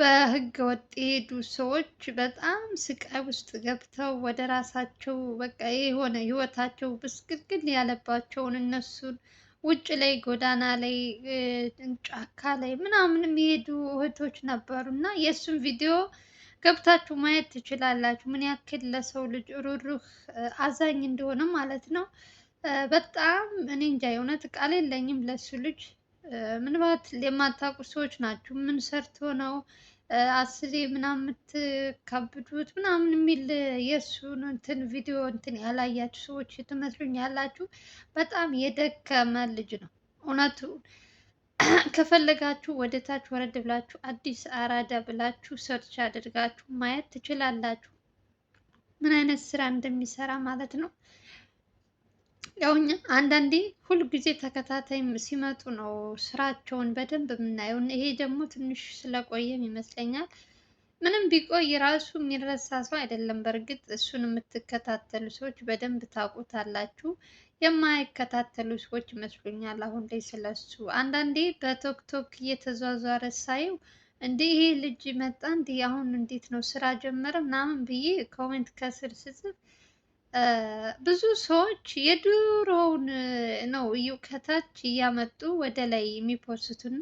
በህገ ወጥ የሄዱ ሰዎች በጣም ስቃይ ውስጥ ገብተው ወደ ራሳቸው በቃ የሆነ ህይወታቸው ብስቅልቅል ያለባቸውን እነሱን ውጭ ላይ ጎዳና ላይ ጫካ ላይ ምናምን የሚሄዱ እህቶች ነበሩ እና የእሱን ቪዲዮ ገብታችሁ ማየት ትችላላችሁ። ምን ያክል ለሰው ልጅ ሩሩህ አዛኝ እንደሆነ ማለት ነው። በጣም እኔ እንጃ የእውነት ቃል የለኝም ለሱ ልጅ ምናልባት የማታውቁ ሰዎች ናችሁ። ምን ሰርቶ ነው አስሬ ምናምን የምትከብዱት ምናምን የሚል የእሱን እንትን ቪዲዮ እንትን ያላያችሁ ሰዎች ትመስሉኝ ያላችሁ። በጣም የደከመ ልጅ ነው እውነቱ። ከፈለጋችሁ ወደታች ወረድ ብላችሁ አዲስ አራዳ ብላችሁ ሰርች አድርጋችሁ ማየት ትችላላችሁ፣ ምን አይነት ስራ እንደሚሰራ ማለት ነው። ያው እኛ አንዳንዴ ሁልጊዜ ተከታታይ ሲመጡ ነው ስራቸውን በደንብ የምናየው። ይሄ ደግሞ ትንሽ ስለቆየም ይመስለኛል ምንም ቢቆይ ራሱ የሚረሳ ሰው አይደለም። በእርግጥ እሱን የምትከታተሉ ሰዎች በደንብ ታውቁታላችሁ። የማይከታተሉ ሰዎች ይመስሉኛል አሁን ላይ ስለሱ። አንዳንዴ በቶክቶክ እየተዟዟረ ሳየው እንዴ ይሄ ልጅ መጣ እንዴ አሁን እንዴት ነው ስራ ጀመረ ምናምን ብዬ ኮሜንት ከስር ስጽፍ ብዙ ሰዎች የድሮውን ነው እዩ ከታች እያመጡ ወደ ላይ የሚፖስቱና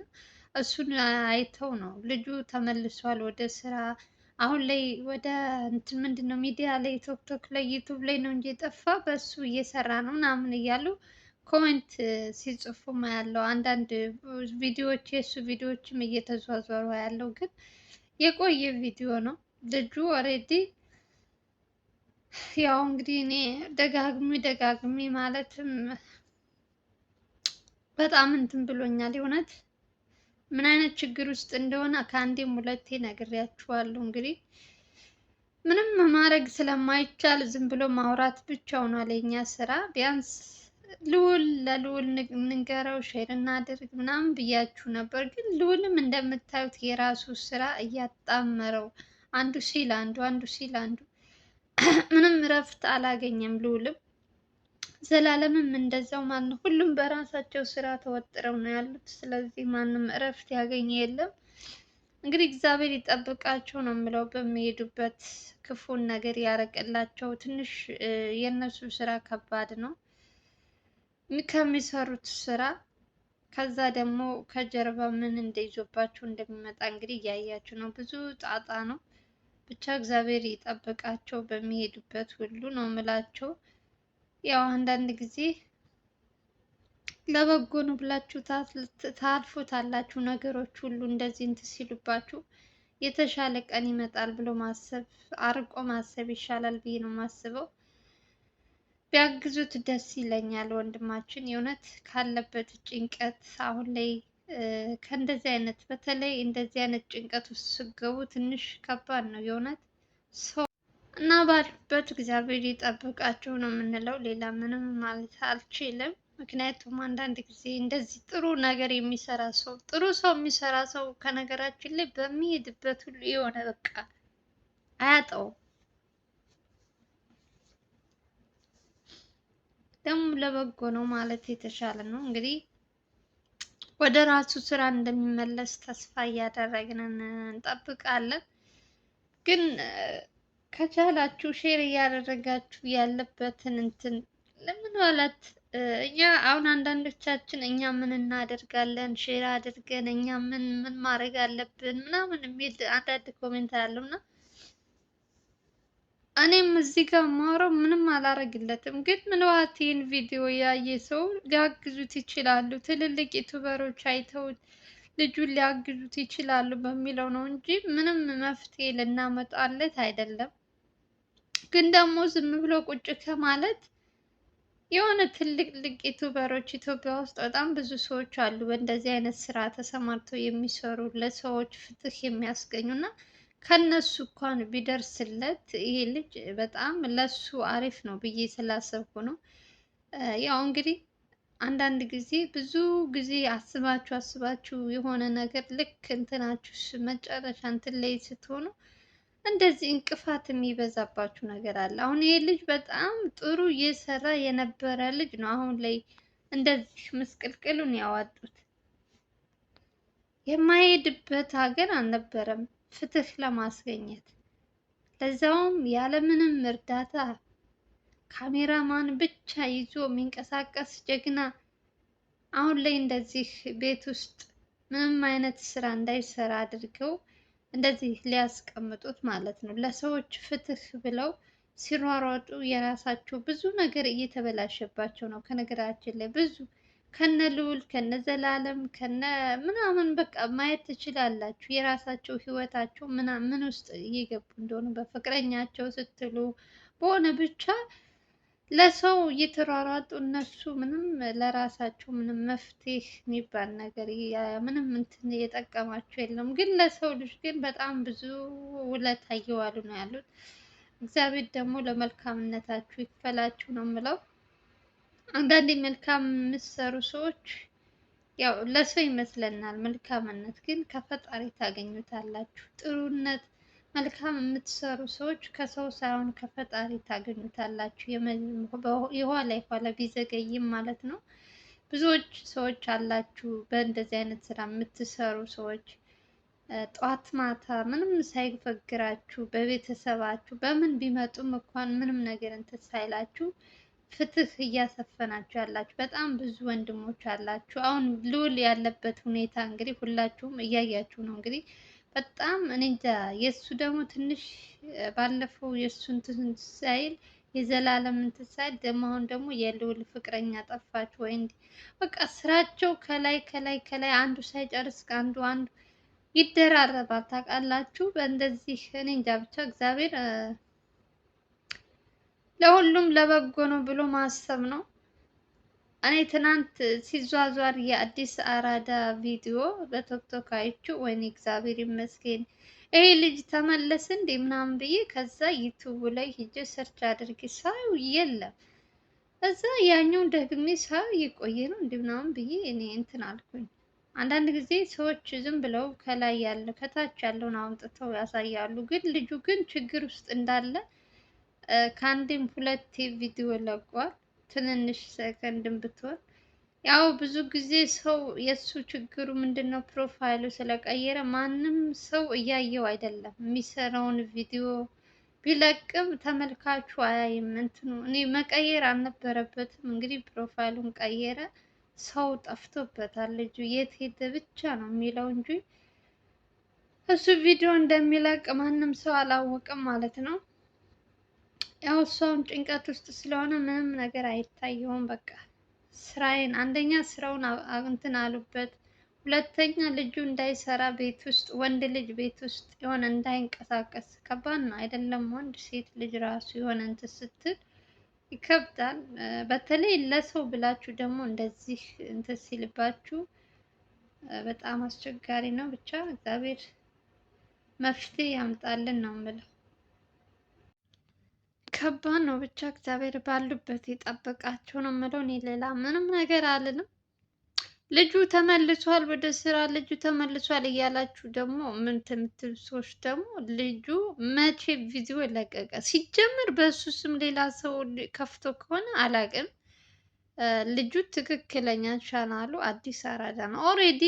እሱን አይተው ነው ልጁ ተመልሷል ወደ ስራ። አሁን ላይ ወደ እንትን ምንድን ነው ሚዲያ ላይ ቶክቶክ ላይ ዩቱብ ላይ ነው እንጂ የጠፋ በእሱ እየሰራ ነው ምናምን እያሉ ኮሜንት ሲጽፉም ያለው አንዳንድ ቪዲዮዎች የእሱ ቪዲዮዎችም እየተዟዟሩ ያለው ግን የቆየ ቪዲዮ ነው ልጁ ኦልሬዲ ያው እንግዲህ እኔ ደጋግሚ ደጋግሚ ማለትም በጣም እንትን ብሎኛል። የእውነት ምን አይነት ችግር ውስጥ እንደሆነ ከአንዴም ሁለቴ ነግሬያችኋለሁ። እንግዲህ ምንም ማድረግ ስለማይቻል ዝም ብሎ ማውራት ብቻ ሆኗል የኛ ስራ። ቢያንስ ልውል ለልውል ንገረው፣ ሼር እናድርግ ምናምን ብያችሁ ነበር። ግን ልውልም እንደምታዩት የራሱ ስራ እያጣመረው አንዱ ሲል አንዱ አንዱ ሲል አንዱ ምንም እረፍት አላገኘም ልውልም ዘላለምም እንደዛው ማን ሁሉም በራሳቸው ስራ ተወጥረው ነው ያሉት። ስለዚህ ማንም እረፍት ያገኘ የለም። እንግዲህ እግዚአብሔር ይጠብቃቸው ነው የምለው። በሚሄዱበት ክፉን ነገር ያረቀላቸው ትንሽ የእነሱ ስራ ከባድ ነው ከሚሰሩት ስራ። ከዛ ደግሞ ከጀርባ ምን እንደይዞባቸው እንደሚመጣ እንግዲህ እያያችሁ ነው። ብዙ ጣጣ ነው። ብቻ እግዚአብሔር ይጠብቃቸው በሚሄዱበት ሁሉ ነው የምላቸው። ያው አንዳንድ ጊዜ ለበጎ ነው ብላችሁ ታልፉታላችሁ። ነገሮች ሁሉ እንደዚህ እንትን ሲሉባችሁ የተሻለ ቀን ይመጣል ብሎ ማሰብ አርቆ ማሰብ ይሻላል ብዬ ነው የማስበው። ቢያግዙት ደስ ይለኛል። ወንድማችን የእውነት ካለበት ጭንቀት አሁን ላይ ከእንደዚህ አይነት በተለይ እንደዚህ አይነት ጭንቀት ውስጥ ስገቡ ትንሽ ከባድ ነው የእውነት ሰው እና ባሉበት እግዚአብሔር ይጠብቃቸው ነው የምንለው። ሌላ ምንም ማለት አልችልም። ምክንያቱም አንዳንድ ጊዜ እንደዚህ ጥሩ ነገር የሚሰራ ሰው ጥሩ ሰው የሚሰራ ሰው ከነገራችን ላይ በሚሄድበት ሁሉ የሆነ በቃ አያጣውም ደግሞ ለበጎ ነው ማለት የተሻለ ነው እንግዲህ ወደ ራሱ ስራ እንደሚመለስ ተስፋ እያደረግን እንጠብቃለን። ግን ከቻላችሁ ሼር እያደረጋችሁ ያለበትን እንትን ለምን ማለት እኛ አሁን አንዳንዶቻችን እኛ ምን እናደርጋለን ሼር አድርገን እኛ ምን ምን ማድረግ አለብን ምናምን የሚል አንዳንድ ኮሜንት አለው እና እኔም እዚህ ጋር ማውራው ምንም አላረግለትም፣ ግን ምናልባት ይህን ቪዲዮ ያየ ሰው ሊያግዙት ይችላሉ። ትልልቅ ዩቱበሮች አይተውት ልጁን ሊያግዙት ይችላሉ በሚለው ነው እንጂ ምንም መፍትሄ ልናመጣለት አይደለም። ግን ደግሞ ዝም ብሎ ቁጭ ከማለት የሆነ ትልቅ ልቅ ዩቱበሮች ኢትዮጵያ ውስጥ በጣም ብዙ ሰዎች አሉ፣ በእንደዚህ አይነት ስራ ተሰማርተው የሚሰሩ ለሰዎች ፍትህ የሚያስገኙ እና ከነሱ እንኳን ቢደርስለት ይሄ ልጅ በጣም ለሱ አሪፍ ነው ብዬ ስላሰብኩ ነው። ያው እንግዲህ አንዳንድ ጊዜ ብዙ ጊዜ አስባችሁ አስባችሁ የሆነ ነገር ልክ እንትናችሁ መጨረሻ እንትን ላይ ስትሆኑ እንደዚህ እንቅፋት የሚበዛባችሁ ነገር አለ። አሁን ይሄ ልጅ በጣም ጥሩ እየሰራ የነበረ ልጅ ነው። አሁን ላይ እንደዚህ ምስቅልቅሉን ያዋጡት የማይሄድበት ሀገር አልነበረም። ፍትህ ለማስገኘት ለዛውም ያለምንም እርዳታ ካሜራማን ብቻ ይዞ የሚንቀሳቀስ ጀግና አሁን ላይ እንደዚህ ቤት ውስጥ ምንም አይነት ስራ እንዳይሰራ አድርገው እንደዚህ ሊያስቀምጡት ማለት ነው። ለሰዎች ፍትህ ብለው ሲሯሯጡ የራሳቸው ብዙ ነገር እየተበላሸባቸው ነው። ከነገራችን ላይ ብዙ ከነ ልዑል ከነ ዘላለም ከነ ምናምን በቃ ማየት ትችላላችሁ። የራሳቸው ህይወታቸው ምን ውስጥ እየገቡ እንደሆነ በፍቅረኛቸው ስትሉ በሆነ ብቻ ለሰው እየተሯሯጡ እነሱ ምንም ለራሳቸው ምንም መፍትሄ የሚባል ነገር ምንም እንትን እየጠቀማቸው የለም። ግን ለሰው ልጅ ግን በጣም ብዙ ውለታ እየዋሉ ነው ያሉት። እግዚአብሔር ደግሞ ለመልካምነታችሁ ይክፈላችሁ ነው የምለው። አንዳንዴ መልካም የምትሰሩ ሰዎች ያው ለሰው ይመስለናል። መልካምነት ግን ከፈጣሪ ታገኙታላችሁ። ጥሩነት፣ መልካም የምትሰሩ ሰዎች ከሰው ሳይሆን ከፈጣሪ ታገኙታላችሁ። የኋላ የኋላ ቢዘገይም ማለት ነው። ብዙዎች ሰዎች አላችሁ በእንደዚህ አይነት ስራ የምትሰሩ ሰዎች ጠዋት ማታ ምንም ሳይፈግራችሁ በቤተሰባችሁ በምን ቢመጡም እንኳን ምንም ነገር እንትን ሳይላችሁ ፍትህ እያሰፈናችሁ ያላችሁ በጣም ብዙ ወንድሞች አላችሁ። አሁን ልዑል ያለበት ሁኔታ እንግዲህ ሁላችሁም እያያችሁ ነው። እንግዲህ በጣም እኔ እንጃ የእሱ ደግሞ ትንሽ ባለፈው የእሱ እንትን ሳይል የዘላለም እንትን ሳይል ደግሞ አሁን ደግሞ የልዑል ፍቅረኛ ጠፋች ወይ በቃ ስራቸው ከላይ ከላይ ከላይ አንዱ ሳይጨርስ አንዱ አንዱ ይደራረባል። ታውቃላችሁ በእንደዚህ እኔ እንጃ ብቻ እግዚአብሔር ለሁሉም ለበጎ ነው ብሎ ማሰብ ነው። እኔ ትናንት ሲዟዟር የአዲስ አራዳ ቪዲዮ በቶክቶክ አይቼው ወይኔ እግዚአብሔር ይመስገን ይሄ ልጅ ተመለስ እንዴ ምናምን ብዬ ከዛ ዩቱቡ ላይ ሂጄ ሰርች አድርጌ ሳዩ የለም። እዛ ያኛውን ደግሜ ሳዩ የቆየ ነው እንዴ ምናምን ብዬ እኔ እንትን አልኩኝ። አንዳንድ ጊዜ ሰዎች ዝም ብለው ከላይ ያለ ከታች ያለውን አውጥተው ያሳያሉ። ግን ልጁ ግን ችግር ውስጥ እንዳለ ከአንድም ሁለቴ ቪዲዮ ለቋል። ትንንሽ ሰከንድም ብትሆን ያው ብዙ ጊዜ ሰው የእሱ ችግሩ ምንድን ነው? ፕሮፋይሉ ስለቀየረ ማንም ሰው እያየው አይደለም። የሚሰራውን ቪዲዮ ቢለቅም ተመልካቹ አያይም። እንትኑ እኔ መቀየር አልነበረበትም። እንግዲህ ፕሮፋይሉን ቀየረ። ሰው ጠፍቶበታል። ልጁ የት ሄደ ብቻ ነው የሚለው እንጂ እሱ ቪዲዮ እንደሚለቅ ማንም ሰው አላወቅም ማለት ነው። ያው እሷም ጭንቀት ውስጥ ስለሆነ ምንም ነገር አይታየውም። በቃ ስራዬን አንደኛ ስራውን እንትን አሉበት፣ ሁለተኛ ልጁ እንዳይሰራ ቤት ውስጥ ወንድ ልጅ ቤት ውስጥ የሆነ እንዳይንቀሳቀስ ከባድ ነው አይደለም? ወንድ ሴት ልጅ ራሱ የሆነ እንትን ስትል ይከብዳል። በተለይ ለሰው ብላችሁ ደግሞ እንደዚህ እንትን ሲልባችሁ በጣም አስቸጋሪ ነው። ብቻ እግዚአብሔር መፍትሄ ያምጣልን ነው የምለው። ከባድ ነው። ብቻ እግዚአብሔር ባሉበት የጠበቃቸው ነው የምለው። እኔ ሌላ ምንም ነገር አልልም። ልጁ ተመልሷል ወደ ስራ፣ ልጁ ተመልሷል እያላችሁ ደግሞ ምን ትምትል ሰዎች ደግሞ ልጁ መቼ ቪዲዮ ለቀቀ? ሲጀምር በእሱ ስም ሌላ ሰው ከፍቶ ከሆነ አላቅም። ልጁ ትክክለኛ ቻናሉ አዲስ አራዳ ነው። ኦሬዲ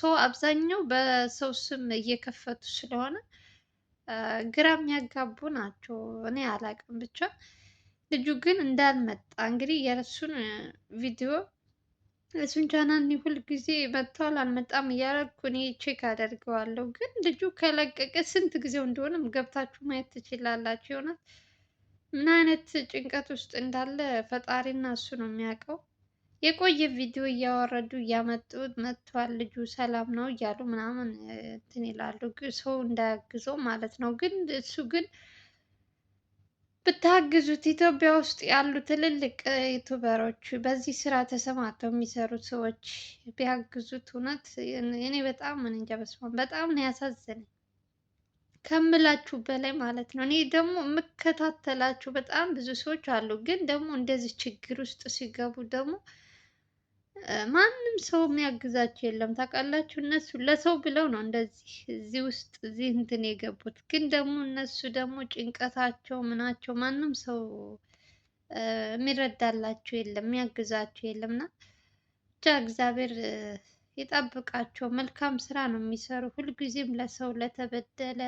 ሰው አብዛኛው በሰው ስም እየከፈቱ ስለሆነ ግራ የሚያጋቡ ናቸው። እኔ አላቅም ብቻ ልጁ ግን እንዳልመጣ እንግዲህ የእሱን ቪዲዮ እሱን ቻናል ሁል ጊዜ መጥቷል አልመጣም እያደረኩ እኔ ቼክ አደርገዋለሁ። ግን ልጁ ከለቀቀ ስንት ጊዜው እንደሆነም ገብታችሁ ማየት ትችላላችሁ ይሆናል። ምን አይነት ጭንቀት ውስጥ እንዳለ ፈጣሪና እሱ ነው የሚያውቀው። የቆየ ቪዲዮ እያወረዱ እያመጡ መጥቷል ልጁ ሰላም ነው እያሉ ምናምን እንትን ይላሉ። ሰው እንዳያግዘው ማለት ነው። ግን እሱ ግን ብታግዙት ኢትዮጵያ ውስጥ ያሉ ትልልቅ ዩቱበሮች በዚህ ስራ ተሰማርተው የሚሰሩት ሰዎች ቢያግዙት እውነት እኔ በጣም ምን እንጃ በስመ አብ በጣም ነው ያሳዘነኝ ከምላችሁ በላይ ማለት ነው። እኔ ደግሞ የምከታተላችሁ በጣም ብዙ ሰዎች አሉ። ግን ደግሞ እንደዚህ ችግር ውስጥ ሲገቡ ደግሞ ማንም ሰው የሚያግዛቸው የለም። ታውቃላችሁ እነሱ ለሰው ብለው ነው እንደዚህ እዚህ ውስጥ እዚህ እንትን የገቡት። ግን ደግሞ እነሱ ደግሞ ጭንቀታቸው ምናቸው ማንም ሰው የሚረዳላቸው የለም፣ የሚያግዛቸው የለም። እና ብቻ እግዚአብሔር የጣበቃቸው መልካም ስራ ነው የሚሰሩ ሁልጊዜም ለሰው ለተበደለ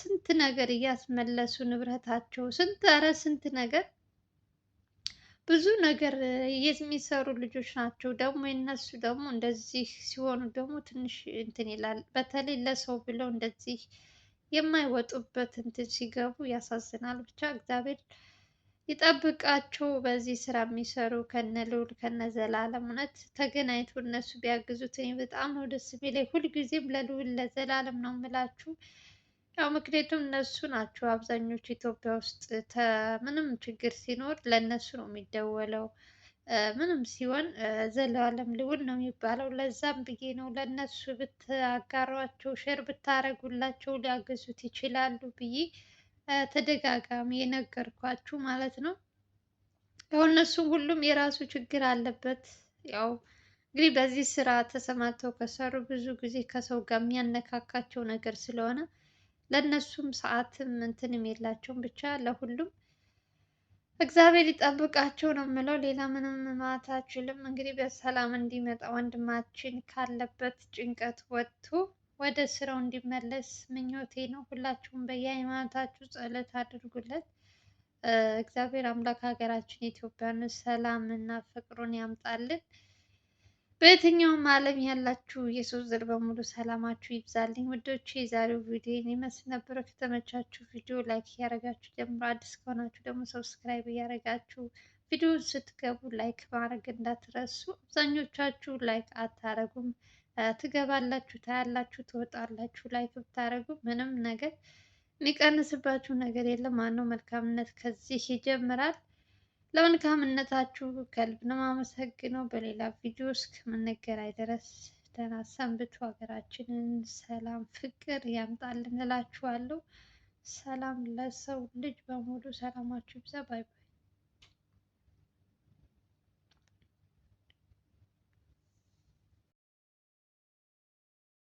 ስንት ነገር እያስመለሱ ንብረታቸው ስንት ኧረ ስንት ነገር ብዙ ነገር የሚሰሩ ልጆች ናቸው። ደግሞ የነሱ ደግሞ እንደዚህ ሲሆኑ ደግሞ ትንሽ እንትን ይላል። በተለይ ለሰው ብለው እንደዚህ የማይወጡበት እንትን ሲገቡ ያሳዝናል። ብቻ እግዚአብሔር ይጠብቃቸው። በዚህ ስራ የሚሰሩ ከነ ልዑል ከነ ዘላለም እውነት ተገናኝቶ እነሱ ቢያግዙት በጣም ነው ደስ የሚለኝ። ሁልጊዜም ለልዑል ለዘላለም ነው የምላችሁ። ያው ምክንያቱም እነሱ ናቸው አብዛኞቹ ኢትዮጵያ ውስጥ ምንም ችግር ሲኖር ለእነሱ ነው የሚደወለው። ምንም ሲሆን ዘላለም ልዑል ነው የሚባለው። ለዛም ብዬ ነው ለእነሱ ብታጋሯቸው፣ ሼር ብታረጉላቸው ሊያገዙት ይችላሉ ብዬ ተደጋጋሚ የነገርኳችሁ ማለት ነው። ያው እነሱ ሁሉም የራሱ ችግር አለበት። ያው እንግዲህ በዚህ ስራ ተሰማርተው ከሰሩ ብዙ ጊዜ ከሰው ጋር የሚያነካካቸው ነገር ስለሆነ ለእነሱም ሰዓትም እንትንም የላቸውም። ብቻ ለሁሉም እግዚአብሔር ይጠብቃቸው ነው የምለው። ሌላ ምንም ማለት አችልም። እንግዲህ በሰላም እንዲመጣ ወንድማችን ካለበት ጭንቀት ወጥቶ ወደ ስራው እንዲመለስ ምኞቴ ነው። ሁላችሁም በየሃይማኖታችሁ ጸሎት አድርጉለት። እግዚአብሔር አምላክ ሀገራችን ኢትዮጵያን ሰላምና ፍቅሩን ያምጣልን። በየትኛውም ዓለም ያላችሁ የሰው ዘር በሙሉ ሰላማችሁ ይብዛልኝ። ውዶች የዛሬው ቪዲዮ ይመስል ነበረ። ከተመቻችሁ ቪዲዮ ላይክ እያደረጋችሁ ጀምሮ አዲስ ከሆናችሁ ደግሞ ሰብስክራይብ እያደረጋችሁ ቪዲዮ ስትገቡ ላይክ ማድረግ እንዳትረሱ። አብዛኞቻችሁ ላይክ አታረጉም፣ ትገባላችሁ፣ ታያላችሁ፣ ትወጣላችሁ። ላይክ ብታረጉ ምንም ነገር የሚቀንስባችሁ ነገር የለም። ማነው መልካምነት ከዚህ ይጀምራል። ለመልካምነታችሁ ከልብ ነው የማመሰግነው። በሌላ ቪዲዮ እስከምንገናኝ ድረስ ደህና ሰንብቱ። ሀገራችንን ሰላም፣ ፍቅር ያምጣልን እላችኋለሁ። ሰላም ለሰው ልጅ በሙሉ ሰላማችሁ ይብዛ። ባይ ባይ።